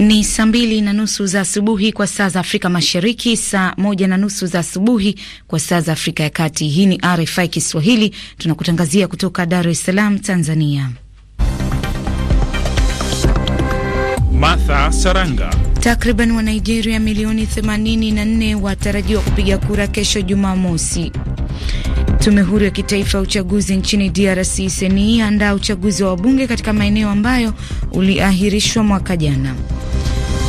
Ni saa mbili na nusu za asubuhi kwa saa za Afrika Mashariki, saa moja na nusu za asubuhi kwa saa za Afrika ya Kati. Hii ni RFI Kiswahili, tunakutangazia kutoka Dar es Salaam, Tanzania. Martha Saranga. Takriban wa Nigeria milioni 84 watarajiwa kupiga kura kesho Jumamosi. Tume huru ya kitaifa ya uchaguzi nchini DRC seni andaa uchaguzi wa wabunge katika maeneo ambayo uliahirishwa mwaka jana.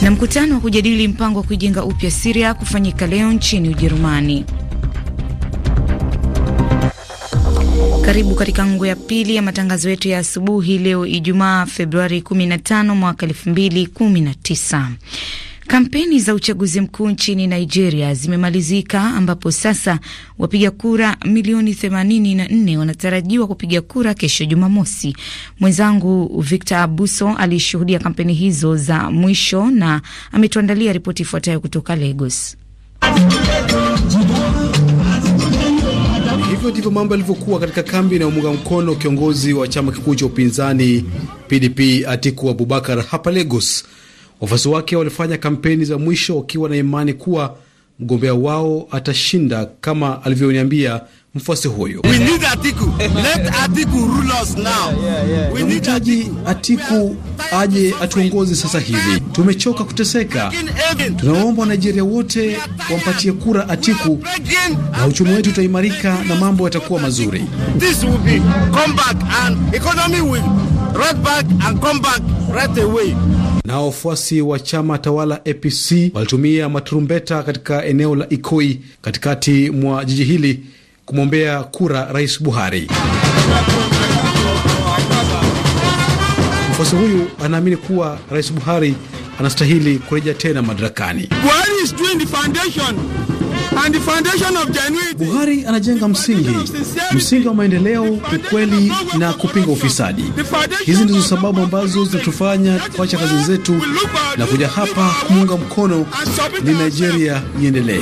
Na mkutano wa kujadili mpango wa kuijenga upya Siria kufanyika leo nchini Ujerumani. Karibu katika ngo ya pili ya matangazo yetu ya asubuhi leo Ijumaa Februari 15 mwaka 2019. Kampeni za uchaguzi mkuu nchini Nigeria zimemalizika ambapo sasa wapiga kura milioni 84 wanatarajiwa kupiga kura kesho Jumamosi. Mwenzangu Victor Abuso alishuhudia kampeni hizo za mwisho na ametuandalia ripoti ifuatayo kutoka Lagos. Hivyo ndivyo mambo yalivyokuwa katika kambi inayomuunga mkono kiongozi wa chama kikuu cha upinzani PDP Atiku Abubakar hapa Lagos. Wafuasi wake walifanya kampeni za mwisho wakiwa na imani kuwa mgombea wao atashinda, kama alivyoniambia mfuasi huyo. Tunamhitaji Atiku aje atuongoze sasa hivi, tumechoka kuteseka. Tunawaomba Wanigeria wote wampatie kura Atiku na uchumi wetu utaimarika na mambo yatakuwa mazuri. This will be right back and come back right away. Na wafuasi wa chama tawala APC walitumia maturumbeta katika eneo la Ikoi katikati mwa jiji hili kumwombea kura Rais Buhari. Mfuasi huyu anaamini kuwa Rais Buhari anastahili kurejea tena madarakani. Buhari is doing the foundation Buhari anajenga msingi, msingi wa maendeleo, ukweli na kupinga ufisadi. Hizi ndizo sababu ambazo zinatufanya kuacha kazi zetu na kuja hapa kuunga mkono ni Nigeria iendelee.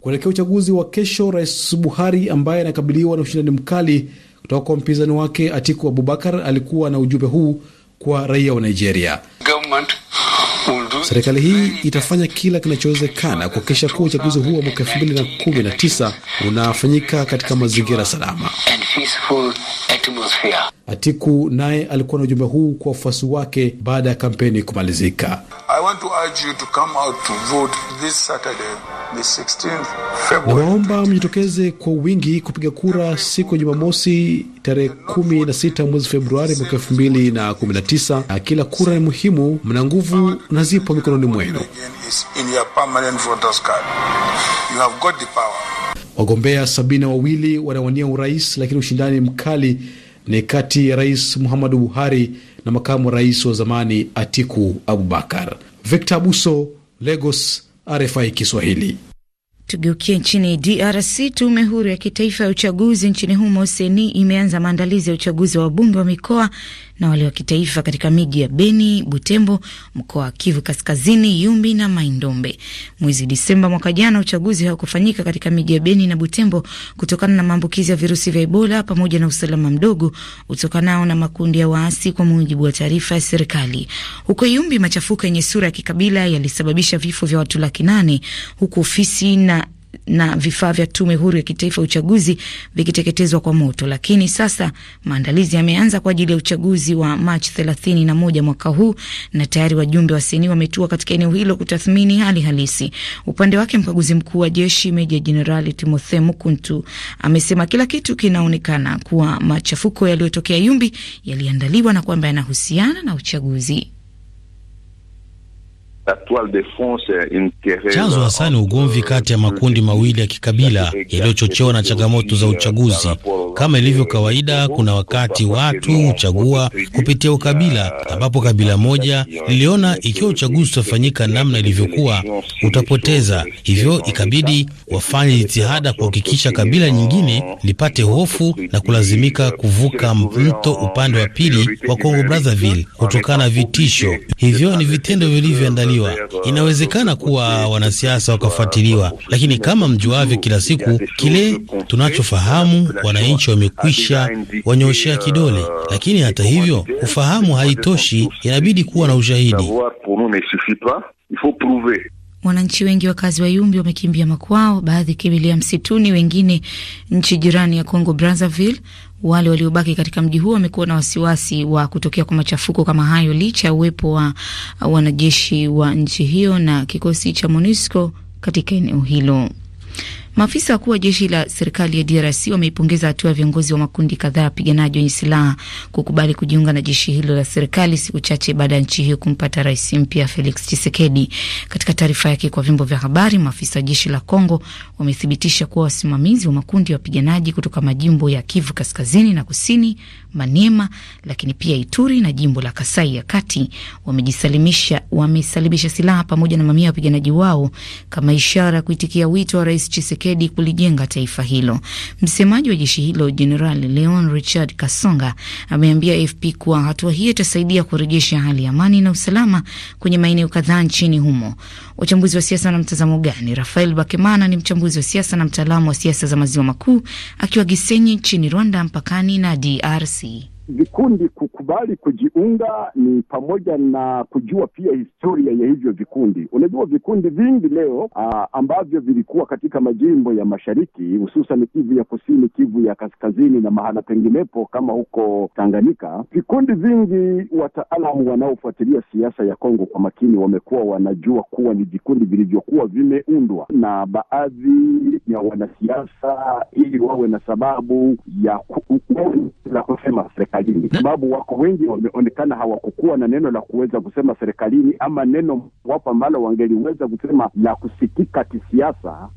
Kuelekea uchaguzi wa kesho, Rais Buhari ambaye anakabiliwa na ushindani mkali kutoka kwa mpinzani wake Atiku Abubakar alikuwa na ujumbe huu kwa raia wa Nigeria. Go. Serikali hii itafanya kila kinachowezekana kuhakikisha kuwa uchaguzi huu wa mwaka tisa unafanyika katika mazingira salama atmosphere. Atiku naye alikuwa na ujumbe huu kwa wafuasi wake baada ya kampeni kumalizika. Nawaomba mjitokeze kwa wingi kupiga kura siku ya Jumamosi tarehe 16 mwezi Februari mwaka 2019, na kila kura ni muhimu. Mna nguvu na zipo mikononi mwenu. Wagombea sabini na wawili wanawania urais, lakini ushindani mkali ni kati ya Rais Muhammadu Buhari na makamu rais wa zamani Atiku Abubakar. Victor Abuso, Lagos, RFI Kiswahili. Tugeukie nchini DRC. Tume huru ya kitaifa ya uchaguzi nchini humo, Seni, imeanza maandalizi ya uchaguzi wa wabunge wa mikoa na wale wa kitaifa katika miji ya Beni, Butembo, mkoa wa Kivu Kaskazini, Yumbi na Maindombe. Mwezi Disemba mwaka jana uchaguzi haukufanyika katika miji ya Beni na Butembo kutokana na maambukizi ya virusi vya Ebola pamoja na usalama mdogo utokanao na makundi ya waasi, kwa mujibu wa taarifa ya serikali. Huko Yumbi, machafuko yenye sura ya kikabila yalisababisha vifo vya watu laki nane huku ofisi na na vifaa vya tume huru ya kitaifa ya uchaguzi vikiteketezwa kwa moto, lakini sasa maandalizi yameanza kwa ajili ya uchaguzi wa Machi 31 mwaka huu, na tayari wajumbe wa seni wametua katika eneo hilo kutathmini hali halisi. Upande wake mkaguzi mkuu wa jeshi Meja Jenerali Timothe Mukuntu amesema kila kitu kinaonekana kuwa machafuko yaliyotokea Yumbi yaliandaliwa na kwamba yanahusiana na uchaguzi. Chanzo euh, hasa ni ugomvi kati ya makundi mawili ya kikabila yaliyochochewa na changamoto za uchaguzi. Kama ilivyo kawaida, kuna wakati watu huchagua kupitia ukabila, ambapo kabila moja liliona ikiwa uchaguzi utafanyika namna ilivyokuwa utapoteza, hivyo ikabidi wafanye jitihada kuhakikisha kabila nyingine lipate hofu na kulazimika kuvuka mto upande wa pili wa Kongo Brazzaville kutokana na vitisho hivyo. Ni vitendo vilivyoandaliwa kufuatiliwa. Inawezekana kuwa wanasiasa wakafuatiliwa, lakini kama mjuavyo, kila siku kile tunachofahamu wananchi wamekwisha wanyoshea kidole, lakini hata hivyo ufahamu haitoshi, inabidi kuwa na ushahidi. Wananchi wengi wakazi wa Yumbi wamekimbia makwao, baadhi kimbilia msituni, wengine nchi jirani ya Congo Brazzaville, wale waliobaki katika mji huo wamekuwa na wasiwasi wa kutokea kwa machafuko kama hayo licha ya uwepo wa wanajeshi wa nchi hiyo na kikosi cha MONUSCO katika eneo hilo. Maafisa wakuu wa jeshi la serikali ya DRC wameipongeza hatua ya viongozi wa makundi kadhaa ya wapiganaji wenye silaha kukubali kujiunga na jeshi hilo la serikali siku chache baada ya nchi hiyo kumpata rais mpya Felix Tshisekedi. Katika taarifa yake kwa vyombo vya habari, maafisa wa jeshi la Kongo wamethibitisha kuwa wasimamizi wa makundi ya wapiganaji kutoka majimbo ya Kivu kaskazini na kusini Maniema, lakini pia Ituri na jimbo la Kasai ya Kati wamejisalimisha wamesalimisha silaha pamoja na mamia ya wapiganaji wao kama ishara ya kuitikia wito wa Rais chisekedi kulijenga taifa hilo. Msemaji wa jeshi hilo Jenerali Leon Richard Kasonga ameambia AFP kuwa hatua hiyo itasaidia kurejesha hali ya amani na usalama kwenye maeneo kadhaa nchini humo wachambuzi wa siasa na mtazamo gani? Rafael Bakemana ni mchambuzi wa siasa na mtaalamu wa siasa za maziwa makuu akiwa Gisenyi nchini Rwanda, mpakani na DRC vikundi kukubali kujiunga ni pamoja na kujua pia historia ya hivyo vikundi. Unajua vikundi vingi leo uh, ambavyo vilikuwa katika majimbo ya mashariki hususan Kivu ya kusini, Kivu ya kaskazini na mahala penginepo kama huko Tanganyika, vikundi vingi, wataalamu wanaofuatilia siasa ya Kongo kwa makini wamekuwa wanajua kuwa ni vikundi vilivyokuwa vimeundwa na baadhi ya wanasiasa ili wawe na sababu ya ku, la kusema serikali serikalini, sababu wako wengi wameonekana hawakukuwa na neno la kuweza kusema serikalini, ama neno wapo ambalo wangeliweza kusema la kusikika kisiasa.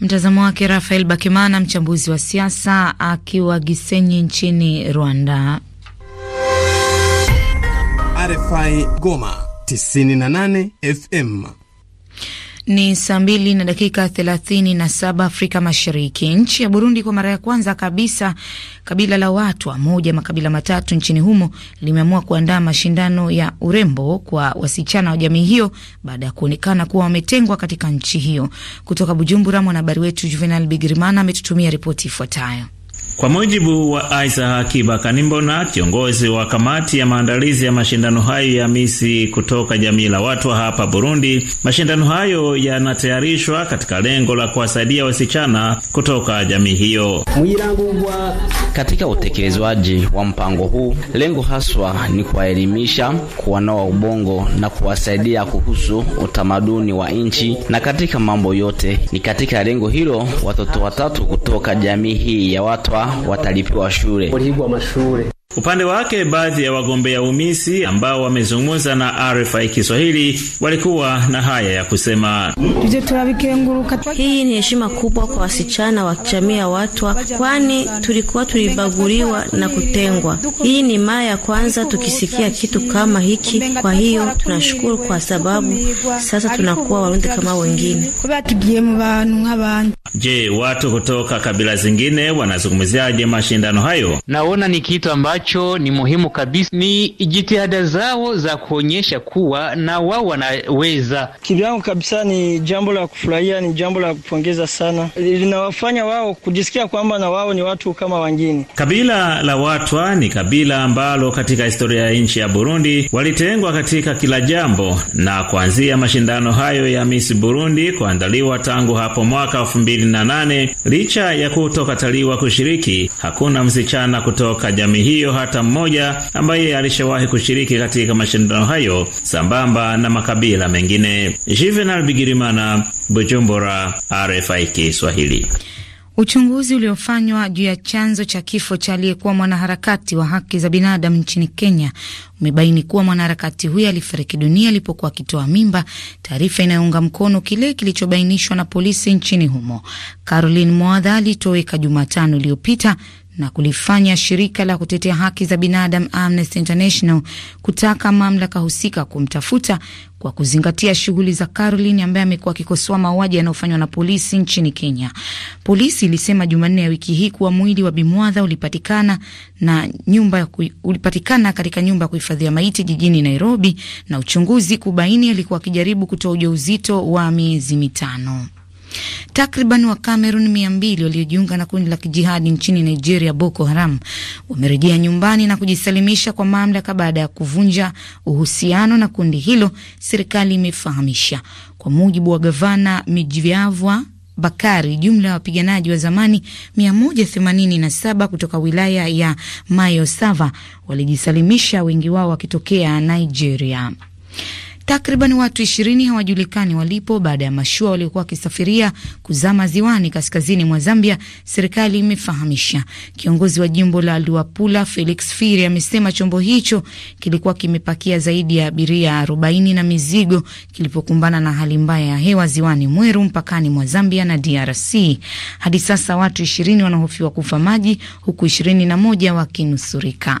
Mtazamo wake Rafael Bakemana, mchambuzi wa siasa akiwa Gisenyi nchini Rwanda. RFI Goma 98 FM. Ni saa mbili na dakika thelathini na saba Afrika Mashariki. Nchi ya Burundi kwa mara ya kwanza kabisa kabila la watu moja makabila matatu nchini humo limeamua kuandaa mashindano ya urembo kwa wasichana wa jamii hiyo baada ya kuonekana kuwa wametengwa katika nchi hiyo. Kutoka Bujumbura, mwanahabari wetu Juvenal Bigirimana ametutumia ripoti ifuatayo. Kwa mujibu wa Isaac Kiba Kanimbona, kiongozi wa kamati ya maandalizi ya mashindano hayo ya misi kutoka jamii la watu hapa Burundi, mashindano hayo yanatayarishwa katika lengo la kuwasaidia wasichana kutoka jamii hiyo. Katika utekelezwaji wa mpango huu, lengo haswa ni kuwaelimisha, kuwanoa ubongo na kuwasaidia kuhusu utamaduni wa nchi, na katika mambo yote ni katika lengo hilo watoto watatu kutoka jamii hii ya watu watalipiwa shule. Upande wake baadhi ya wagombea umisi ambao wamezungumza na RFI Kiswahili walikuwa na haya ya kusema. Hii ni heshima kubwa kwa wasichana wa jamii ya Watwa, kwani tulikuwa tulibaguliwa na kutengwa. Hii ni mara ya kwanza tukisikia kitu kama hiki, kwa hiyo tunashukuru kwa sababu sasa tunakuwa Warundi kama wengine. Je, watu kutoka kabila zingine wanazungumziaje mashindano hayo? Naona ni kitu ambacho ambacho ni muhimu kabisa ni jitihada zao za kuonyesha kuwa na wao wanaweza. Kivyangu kabisa, ni jambo la kufurahia, ni jambo la kupongeza sana, linawafanya wao kujisikia kwamba na wao ni watu kama wengine. Kabila la Watwa ni kabila ambalo katika historia ya nchi ya Burundi walitengwa katika kila jambo, na kuanzia mashindano hayo ya Miss Burundi kuandaliwa tangu hapo mwaka nane, licha ya kutokataliwa kushiriki, hakuna msichana kutoka jamii hiyo hata mmoja ambaye alishawahi kushiriki katika mashindano hayo sambamba na makabila mengine. Juvenal Bigirimana, Bujumbura, RFI Kiswahili. Uchunguzi uliofanywa juu ya chanzo cha kifo cha aliyekuwa mwanaharakati wa haki za binadamu nchini Kenya umebaini kuwa mwanaharakati huyo alifariki dunia alipokuwa akitoa mimba, taarifa inayounga mkono kile kilichobainishwa na polisi nchini humo. Caroline Mwadha alitoweka Jumatano iliyopita na kulifanya shirika la kutetea haki za binadamu Amnesty International kutaka mamlaka husika kumtafuta kwa kuzingatia shughuli za Caroline ambaye amekuwa akikosoa mauaji yanayofanywa na polisi nchini Kenya. Polisi ilisema Jumanne ya wiki hii kuwa mwili wa Bimwadha ulipatikana na nyumba ulipatikana katika nyumba ya kuhifadhia maiti jijini Nairobi na uchunguzi kubaini alikuwa akijaribu kutoa ujauzito wa miezi mitano. Takriban wa Cameroon mia mbili waliojiunga na kundi la kijihadi nchini Nigeria, Boko Haram, wamerejea nyumbani na kujisalimisha kwa mamlaka baada ya kuvunja uhusiano na kundi hilo, serikali imefahamisha. Kwa mujibu wa gavana Mijivyavwa Bakari, jumla ya wapiganaji wa zamani 187 kutoka wilaya ya Mayo Sava walijisalimisha, wengi wao wakitokea Nigeria. Takriban watu ishirini hawajulikani walipo baada ya mashua waliokuwa wakisafiria kuzama ziwani kaskazini mwa Zambia, serikali imefahamisha. Kiongozi wa jimbo la Luapula Felix Firi amesema chombo hicho kilikuwa kimepakia zaidi ya abiria arobaini na mizigo kilipokumbana na hali mbaya ya hewa ziwani Mweru, mpakani mwa Zambia na DRC. Hadi sasa watu ishirini wanahofiwa kufa maji, huku ishirini na moja wakinusurika.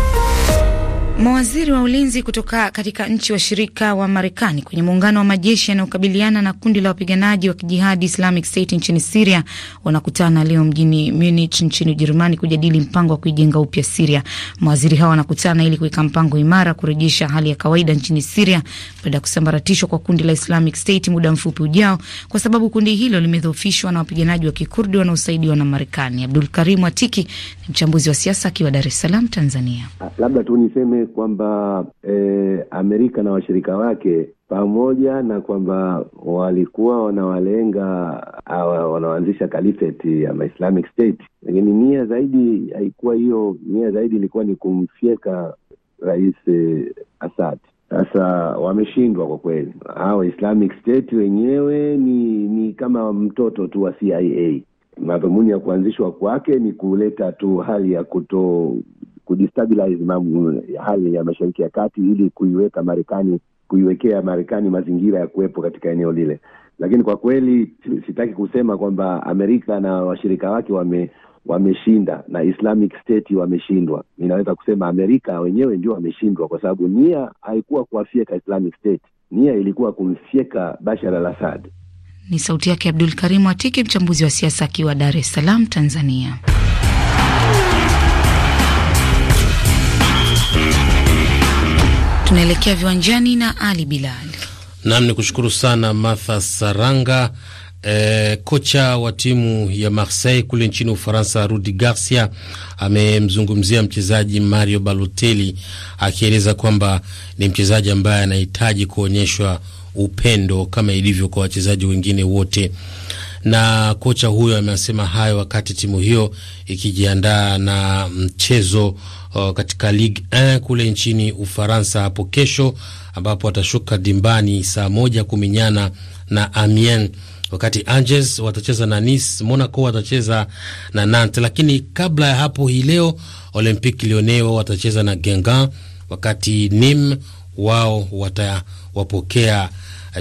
Mawaziri wa ulinzi kutoka katika nchi washirika wa Marekani kwenye muungano wa majeshi yanayokabiliana na kundi la wapiganaji wa kijihadi Islamic State nchini Siria wanakutana leo mjini Munich nchini Ujerumani kujadili mpango wa kuijenga upya Siria. Mawaziri hawa wanakutana ili kuweka mpango imara kurejesha hali ya kawaida nchini Siria baada ya kusambaratishwa kwa kundi la Islamic State muda mfupi ujao, kwa sababu kundi hilo limedhoofishwa na wapiganaji wa kikurdi wanaosaidiwa na Marekani. Abdul Karimu Atiki ni mchambuzi wa siasa akiwa Dar es Salaam, Tanzania. Labda tu niseme kwamba e, Amerika na washirika wake pamoja na kwamba walikuwa wanawalenga wanaoanzisha kalifeti ya Islamic State, lakini nia zaidi haikuwa hiyo. Nia zaidi ilikuwa ni kumfyeka Rais eh, Assad. Sasa wameshindwa kwa kweli. Hawa Islamic State wenyewe ni ni kama mtoto tu wa CIA. Madhumuni ya kuanzishwa kwake ni kuleta tu hali ya kuto kudestabilize hali ya Mashariki ya Kati ili kuiweka Marekani kuiwekea Marekani mazingira ya kuwepo katika eneo lile. Lakini kwa kweli sitaki kusema kwamba Amerika na washirika wake wame wameshinda na Islamic State wameshindwa. Ninaweza kusema Amerika wenyewe ndio wameshindwa, kwa sababu nia haikuwa kuwafyeka Islamic State, nia ilikuwa kumfyeka Bashar al Assad. Ni sauti yake Abdul Karimu Atiki, mchambuzi wa siasa akiwa Dar es Salaam, Tanzania. tunaelekea viwanjani na Ali Bilali. Nam ni kushukuru sana Martha Saranga. E, kocha wa timu ya Marseille kule nchini Ufaransa Rudi Garcia amemzungumzia mchezaji Mario Balotelli akieleza kwamba ni mchezaji ambaye anahitaji kuonyeshwa upendo kama ilivyo kwa wachezaji wengine wote, na kocha huyo amesema hayo wakati timu hiyo ikijiandaa na mchezo uh, katika Ligue 1 kule nchini Ufaransa hapo kesho, ambapo watashuka dimbani saa moja kuminyana na Amiens, wakati Angers watacheza na Nice, Monaco watacheza na Nantes. Lakini kabla ya hapo, hii leo Olympique Lyonnais wao watacheza na Guingamp, wakati nim wao watawapokea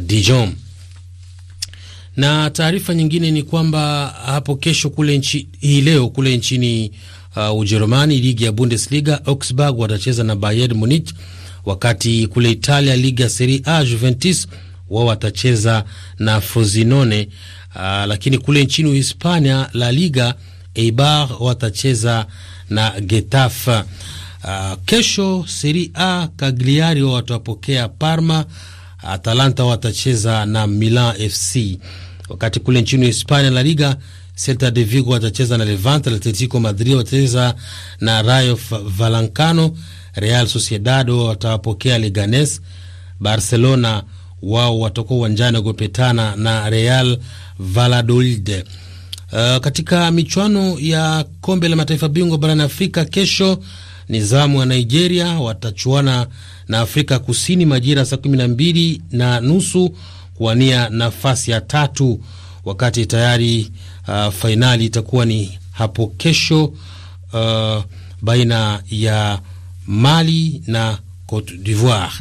Dijon na taarifa nyingine ni kwamba hapo kesho kule nchi hii leo kule nchini uh, Ujerumani ligi ya Bundesliga Augsburg watacheza na Bayern Munich, wakati kule Italia ligi ya Serie A Juventus wao watacheza na Frosinone. Uh, lakini kule nchini Uhispania La Liga Eibar watacheza na Getafe. Uh, kesho Serie A Cagliari wao watapokea Parma. Atalanta watacheza na Milan FC, wakati kule nchini Hispania La Liga Celta de Vigo watacheza na Levante, Atletico Madrid watacheza na Rayo Vallecano, Real Sociedad watawapokea Leganes, Barcelona wao watakuwa uwanjani kupetana na Real Valladolid. Uh, katika michuano ya kombe la mataifa bingwa barani Afrika kesho ni zamu wa Nigeria watachuana na Afrika Kusini majira saa kumi na mbili na nusu kuwania nafasi ya tatu, wakati tayari Uh, fainali itakuwa ni hapo kesho uh, baina ya Mali na Cote d'Ivoire.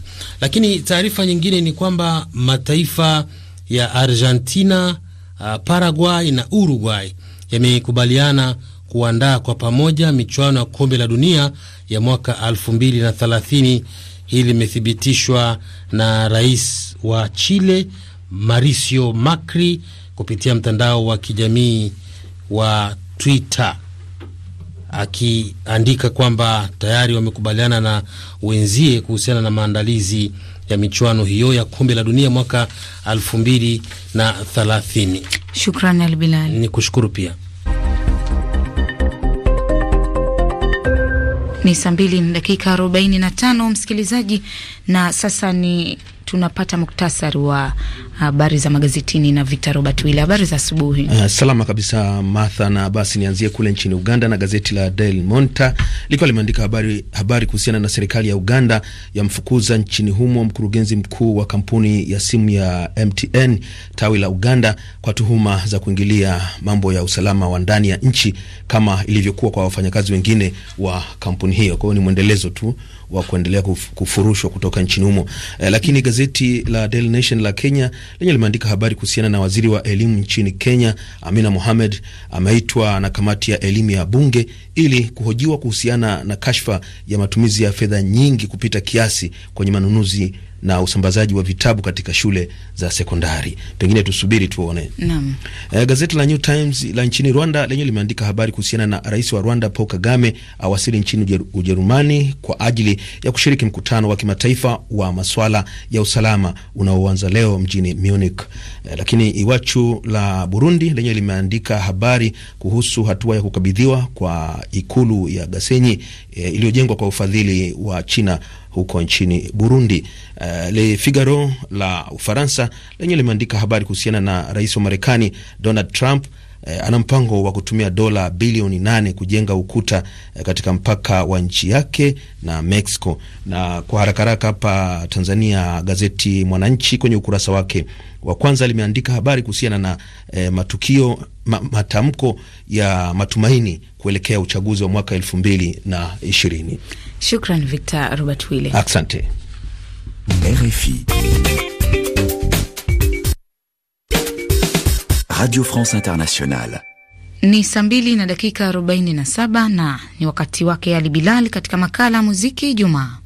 Lakini taarifa nyingine ni kwamba mataifa ya Argentina, uh, Paraguay na Uruguay yamekubaliana kuandaa kwa pamoja michuano ya kombe la dunia ya mwaka 2030. Hili limethibitishwa na rais wa Chile Mauricio Macri kupitia mtandao wa kijamii wa Twitter akiandika kwamba tayari wamekubaliana na wenzie kuhusiana na maandalizi ya michuano hiyo ya kombe la dunia mwaka 2030. Shukrani Albilali, ni kushukuru pia. Ni saa mbili na dakika msikilizaji, na sasa ni tunapata muktasari wa habari za magazetini na Victor Robert Wile. Habari za asubuhi. Uh, salama kabisa Martha, na basi nianzie kule nchini Uganda na gazeti la Daily Monitor likiwa limeandika habari habari kuhusiana na serikali ya Uganda yamfukuza nchini humo mkurugenzi mkuu wa kampuni ya simu ya MTN tawi la Uganda kwa tuhuma za kuingilia mambo ya usalama wa ndani ya nchi kama ilivyokuwa kwa wafanyakazi wengine wa kampuni hiyo. Kwa hiyo ni mwendelezo tu wa kuendelea kufurushwa kutoka nchini humo. Eh, lakini gazeti la Daily Nation la Kenya lenye limeandika habari kuhusiana na waziri wa elimu nchini Kenya Amina Mohamed ameitwa na kamati ya elimu ya bunge ili kuhojiwa kuhusiana na kashfa ya matumizi ya fedha nyingi kupita kiasi kwenye manunuzi na usambazaji wa vitabu katika shule za sekondari. Pengine tusubiri tuone. Naam. E, gazeti la New Times la nchini Rwanda lenyewe limeandika habari kuhusiana na rais wa Rwanda Paul Kagame awasili nchini Ujerumani kwa ajili ya kushiriki mkutano wa kimataifa wa masuala ya usalama unaoanza leo mjini Munich. E, lakini Iwachu la Burundi lenye limeandika habari kuhusu hatua ya kukabidhiwa kwa ikulu ya Gasenyi e, iliyojengwa kwa ufadhili wa China huko nchini Burundi. Uh, Le Figaro la Ufaransa lenye limeandika habari kuhusiana na rais wa Marekani Donald Trump eh, ana mpango wa kutumia dola bilioni nane kujenga ukuta eh, katika mpaka wa nchi yake na Mexico. Na kwa haraka haraka hapa Tanzania, gazeti Mwananchi kwenye ukurasa wake wa kwanza limeandika habari kuhusiana na eh, matukio ma, matamko ya matumaini kuelekea uchaguzi wa mwaka elfu mbili na ishirini. Shukran Victor Robert Wile, asante RFI. Radio France Internationale. Ni saa mbili na dakika 47 na ni wakati wake Ali Bilal katika makala muziki Jumaa.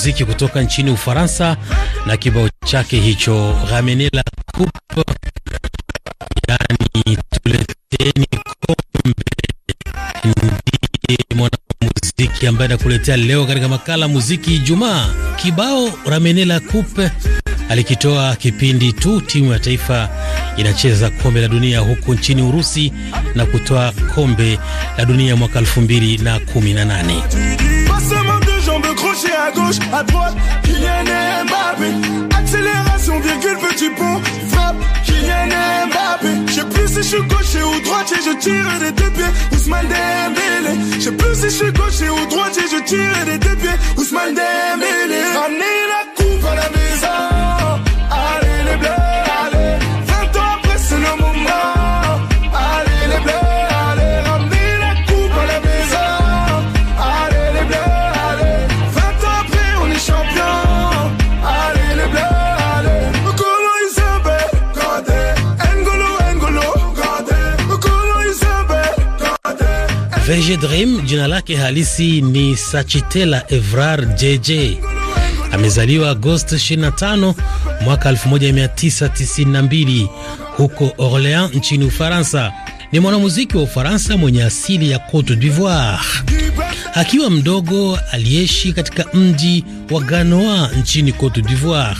muziki kutoka nchini Ufaransa na kibao chake hicho Ramenez la coupe, yani tuleteni kombe. Ndiye mwanamuziki ambaye anakuletea leo katika makala muziki Ijumaa. Kibao ramene la coupe alikitoa kipindi tu timu ya taifa inacheza kombe la dunia huko nchini Urusi na kutoa kombe la dunia mwaka 2018. Me crocher à gauche, à droite, Kylian Mbappé. Accélération, virgule, petit pont, frappe, Kylian Mbappé. Je plus si je suis gaucher ou droitier, je tire des deux pieds, Ousmane Dembélé. Je plus si je suis gaucher ou droitier, je tire des deux pieds, Ousmane Dembélé. Ramenez la coupe à la maison. Verge Dream jina lake halisi ni Sachitela Evrar JJ. Amezaliwa Agosti 25 mwaka 1992 huko Orleans nchini Ufaransa. Ni mwanamuziki wa Ufaransa mwenye asili ya Cote d'Ivoire. Akiwa mdogo aliishi katika mji wa Ganoa nchini Cote d'Ivoire.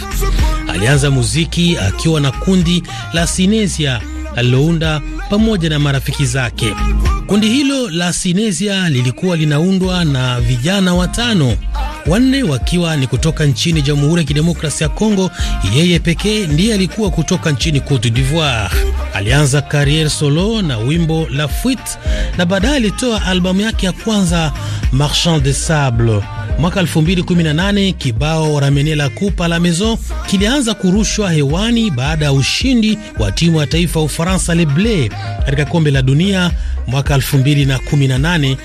Alianza muziki akiwa na kundi la Sinesia alilounda pamoja na marafiki zake. Kundi hilo la Sinesia lilikuwa linaundwa na vijana watano, wanne wakiwa ni kutoka nchini Jamhuri ya Kidemokrasia ya Kongo. Yeye pekee ndiye alikuwa kutoka nchini Cote d'Ivoire. Alianza karier solo na wimbo La Fuite na baadaye alitoa albamu yake ya kwanza Marchand de Sable. Mwaka 2018 kibao Ramene la Kupa la Maison kilianza kurushwa hewani baada ya ushindi wa timu ya taifa ya Ufaransa Le ble katika kombe la dunia mwaka 2018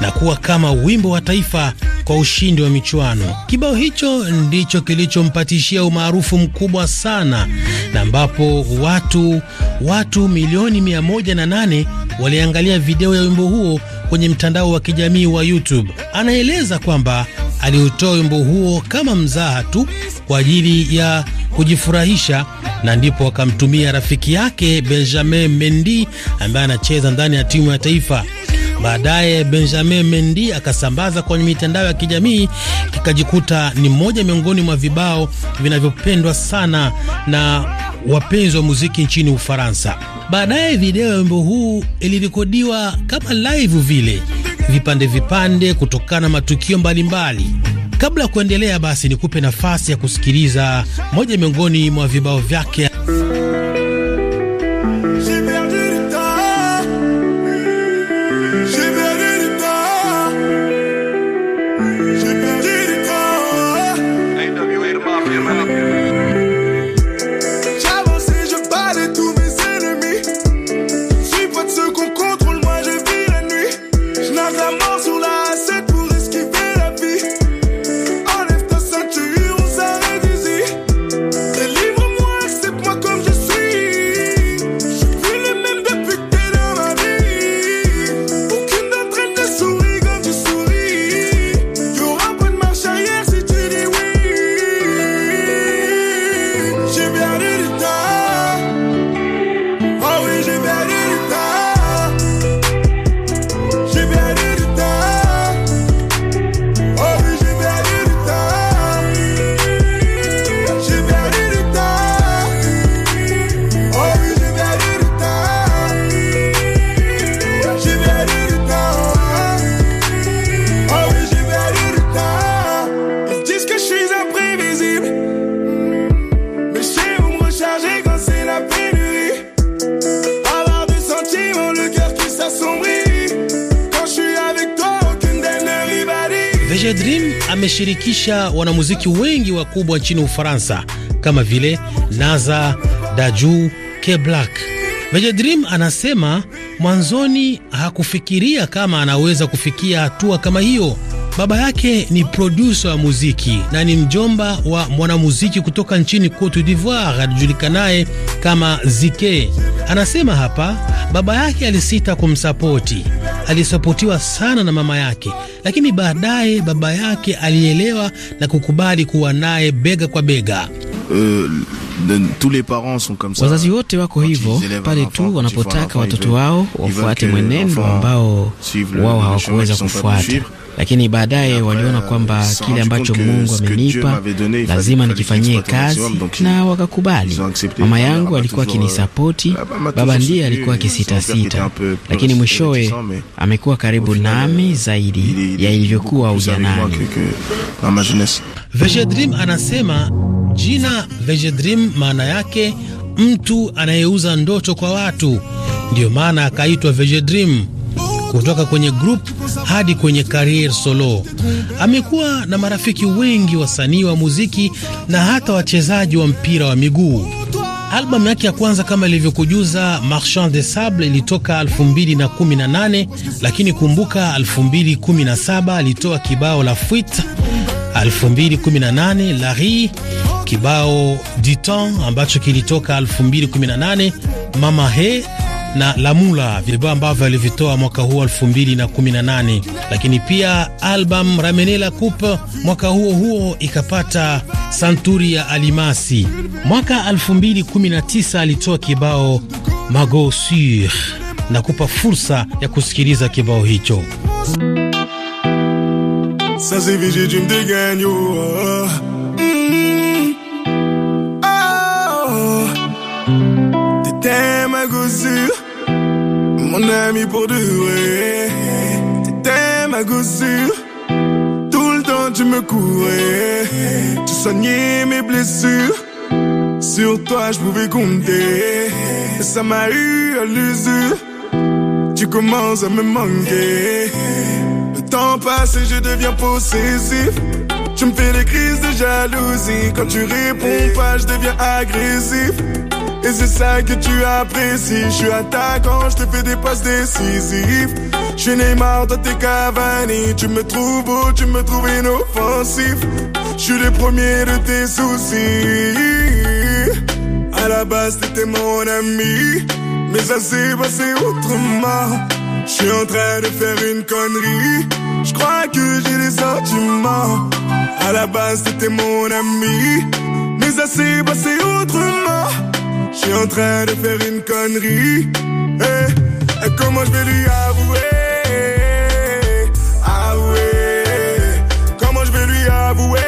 na kuwa kama wimbo wa taifa kwa ushindi wa michuano. Kibao hicho ndicho kilichompatishia umaarufu mkubwa sana na ambapo watu watu milioni 108 waliangalia video ya wimbo huo kwenye mtandao wa kijamii wa YouTube. Anaeleza kwamba aliutoa wimbo huo kama mzaha tu kwa ajili ya kujifurahisha na ndipo akamtumia rafiki yake Benjamin Mendy ambaye anacheza ndani ya timu ya taifa Baadaye Benjamin Mendy akasambaza kwenye mitandao ya kijamii, kikajikuta ni moja miongoni mwa vibao vinavyopendwa sana na wapenzi wa muziki nchini Ufaransa. Baadaye video ya wimbo huu ilirekodiwa kama live vile vipande vipande, kutokana na matukio mbalimbali mbali. Kabla ya kuendelea basi, nikupe nafasi ya kusikiliza moja miongoni mwa vibao vyake kuwashirikisha wanamuziki wengi wakubwa nchini Ufaransa kama vile Naza, Daju, K Black. Dream anasema mwanzoni hakufikiria kama anaweza kufikia hatua kama hiyo. Baba yake ni produsa wa muziki na ni mjomba wa mwanamuziki kutoka nchini Cote d'Ivoire alijulikanaye kama Zike. Anasema hapa baba yake alisita kumsapoti alisapotiwa sana na mama yake, lakini baadaye baba yake alielewa na kukubali kuwa naye bega kwa bega. Euh, wazazi wote wako hivyo pale tu wanapotaka watoto wao wafuate mwenendo ambao wao hawakuweza kufuata lakini baadaye waliona euh, kwamba kile ambacho Mungu amenipa lazima nikifanyie kazi, na wakakubali. Mama yangu ah, alikuwa euh, akinisapoti, baba ndiye alikuwa akisitasita, lakini mwishowe amekuwa karibu nami euh, zaidi ya ilivyokuwa ujanani. Vegedream anasema jina Vegedream maana yake mtu anayeuza ndoto kwa watu, ndiyo maana akaitwa Vegedream kutoka kwenye group hadi kwenye career solo. Amekuwa na marafiki wengi wasanii wa muziki na hata wachezaji wa mpira wa miguu. Albamu yake ya kwanza kama ilivyokujuza Marchand de Sable ilitoka 2018, lakini kumbuka 2017 alitoa kibao la fuit 2018 la Ri, kibao Diton ambacho kilitoka 2018 Mama He na Lamula, vibao ambavyo alivitoa mwaka huu 2018, lakini pia album Ramenela Coupe mwaka huo huo ikapata santuri ya alimasi. Mwaka 2019 alitoa kibao Mago Sur na kupa fursa ya kusikiliza kibao hicho. Sasa Un ami pour durer. T'étais ma goussure, tout le temps tu me courais. Tu soignais mes blessures, sur toi je pouvais compter. ça m'a eu à l'usure, tu commences à me manquer. Le temps passe et je deviens possessif. Tu me fais des crises de jalousie, quand tu réponds pas je deviens agressif. Et c'est ça que tu apprécies. Je suis attaquant, je te fais des passes décisives. Je suis Neymar, toi t'es Cavani. Tu me trouves beau, tu me trouves inoffensif. Je suis le premier de tes soucis. À la base, t'étais mon ami. Mais ça s'est passé autrement. Je suis en train de faire une connerie. Je crois que j'ai des sentiments. À la base, t'étais mon ami. Mais ça s'est passé autrement. suis en train de faire une connerie. Hey, eh, et comment je vais lui avouer? Avouer. Comment je vais lui avouer?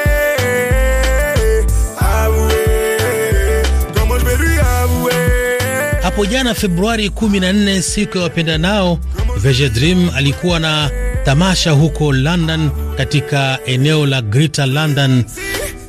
Hapo jana Februari 14, siku ya wapenda nao, Vege Dream alikuwa na tamasha huko London katika eneo la Greater London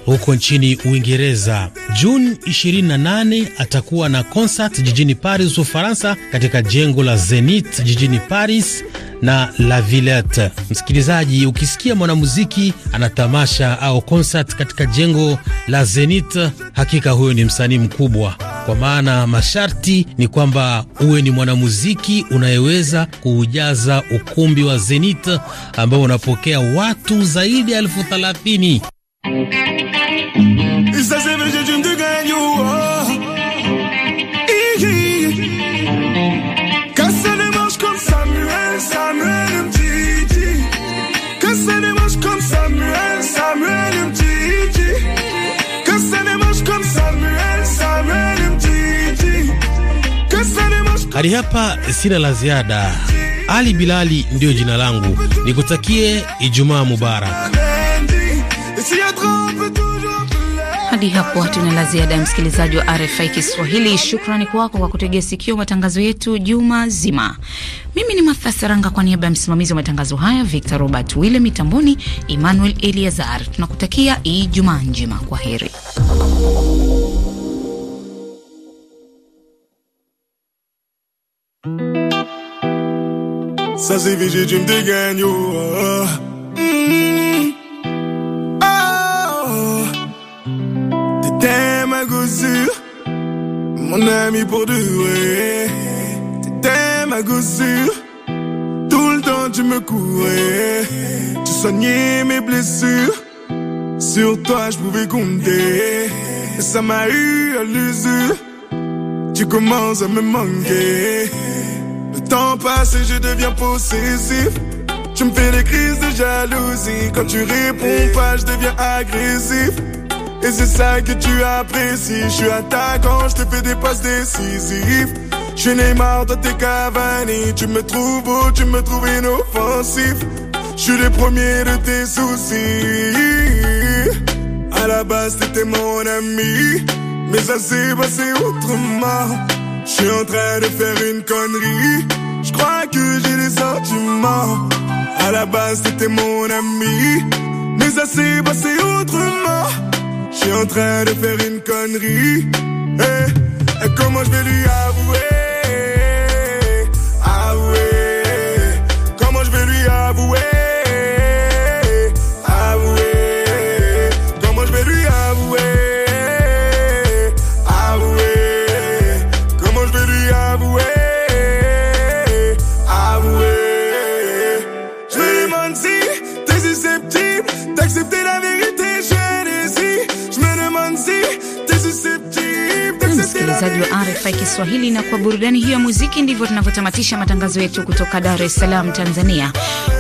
huko nchini Uingereza. Juni 28 atakuwa na concert jijini Paris, Ufaransa, katika jengo la Zenith jijini Paris na La Villette. Msikilizaji, ukisikia mwanamuziki ana tamasha au concert katika jengo la Zenith, hakika huyo ni msanii mkubwa, kwa maana masharti ni kwamba uwe ni mwanamuziki unayeweza kuujaza ukumbi wa Zenith ambao unapokea watu zaidi ya elfu thelathini. Oh. Hadi hapa sina la ziada. Ali Bilali ndiyo jina langu, nikutakie Ijumaa mubarak. Hadi hapo hatuna la ziada ya msikilizaji wa RFI Kiswahili. Shukrani kwako kwa kutegea sikio matangazo yetu juma zima. Mimi ni Martha Saranga kwa niaba ya msimamizi wa matangazo haya Victor Robert Wille, mitamboni Emmanuel Eliazar. Tunakutakia jumaa njema, kwa heri. Sasa hivi jiji ah. T'es ma gossure, mon ami pour durer. T'es ma gossure, tout le temps tu me courais. Tu soignais mes blessures, sur toi je pouvais compter. ça m'a eu à l'usure, tu commences à me manquer. Le temps passe et je deviens possessif. Tu me fais des crises de jalousie. Quand tu réponds pas, je deviens agressif. Et c'est ça que tu apprécies. Je suis attaquant, je te fais des passes décisives. Je n'ai marre de t'es Cavani. Tu me trouves beau, tu me trouves inoffensif. Je suis le premier de tes soucis. À la base, t'étais mon ami. Mais ça s'est passé autrement. Je suis en train de faire une connerie. Je crois que j'ai des sentiments. À la base, t'étais mon ami. Mais ça s'est passé autrement en train de faire une connerie. Et, eh, et comment je vais lui avouer? RFI Kiswahili. Na kwa burudani hiyo ya muziki, ndivyo tunavyotamatisha matangazo yetu kutoka Dar es Salaam, Tanzania.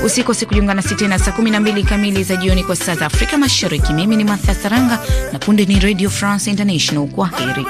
Usikose kujiunga nasi tena saa 12 kamili za jioni kwa saa za Afrika Mashariki. Mimi ni Martha Saranga na punde ni Radio France International. Kwa heri.